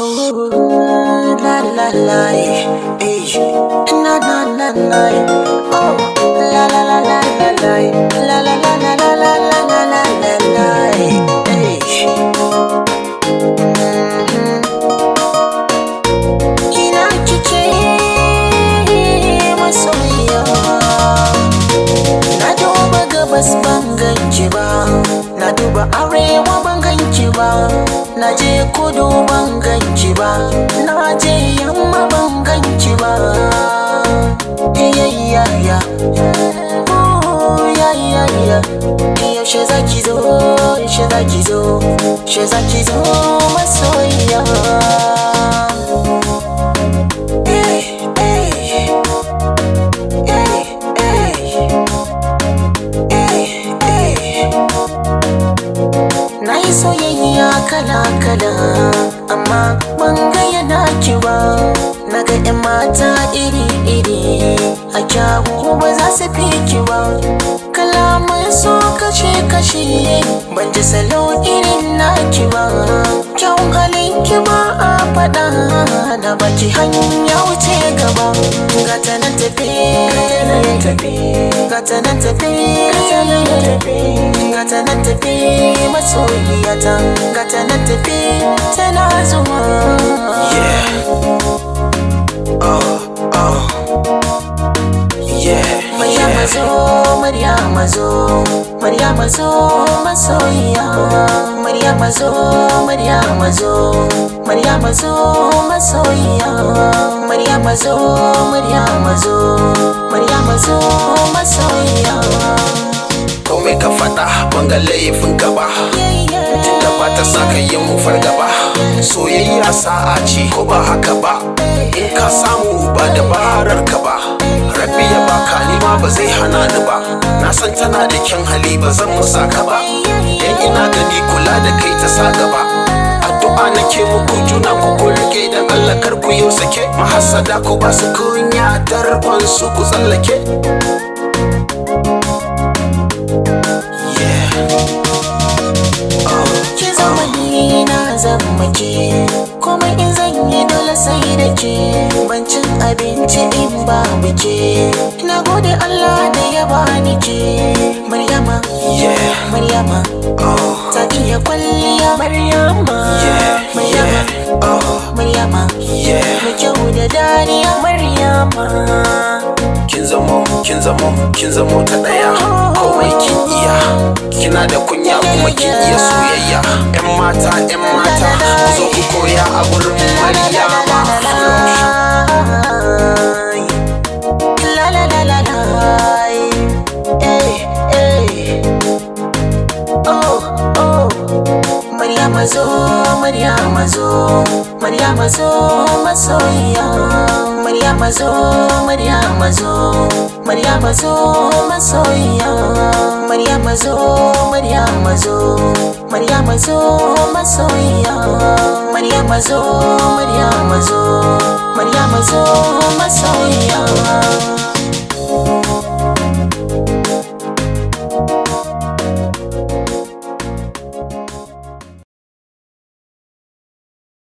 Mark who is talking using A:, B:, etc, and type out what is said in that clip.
A: Oh, la la na na na na, na duba gabas ban ba, na duba arewa ban ganci ba. na je kudu ganci ba na je yamma ban ba ya ya oh, yaushe zaki zo yaushe zaki zo yaushe zaki zo
B: masoyiya eh, eh.
A: Eh, Na yi soyayya kala-kala amma ban ga yana ba na ga 'yan mata iri-iri a kyawu ba za su fi ba kalamun su kashe-kashe ban ji salo irin na ba kyawun halin ki a faɗa na baki hanya wuce gaba gata na tafi gata na tafi gata na tafi gata nan tafi masoyiya ta nan tafi tana zuwa yeah oh oh yeah Maryam mazo Maryam mazo Maryam mazo masoyiya Maryam mazo Maryam mazo Maryam mazo masoyiya Maryam mazo Maryam mazo Maryam mazo masoyiya
C: banga laifin ka ba tunda ba ta saka yin mu fargaba soyayya sa'a ce ko ba haka ba in ka samu ba dabarar ka ba Rabi ya baka ni ma ba zai hana ni ba na san tana da kyan hali ba zan musa ka ba dan ina gani kula da kai ta sa gaba addu'a nake muku juna ku ku rike da Allah kar ku yau sake mahassada ku ba su kunya tarfan su ku tsallake
A: auren muke in zan yi dole sai da ke ban cin abinci in ba muke Ina gode Allah da ya bani ke Maryama Maryama oh. ta iya kwalliya Maryama Maryama oh. Maryama mai kyau da dariya Maryama
C: kin zamo kin zamo kin zamo ta daya oh. kawai kin iya kina da kunya kuma kin soyayya yan mata yan mata ku zo ku koya
A: Maryama zo, Maryama zo, Maryama zo masoyiya. Maryama zo, Maryama zo, Maryama zo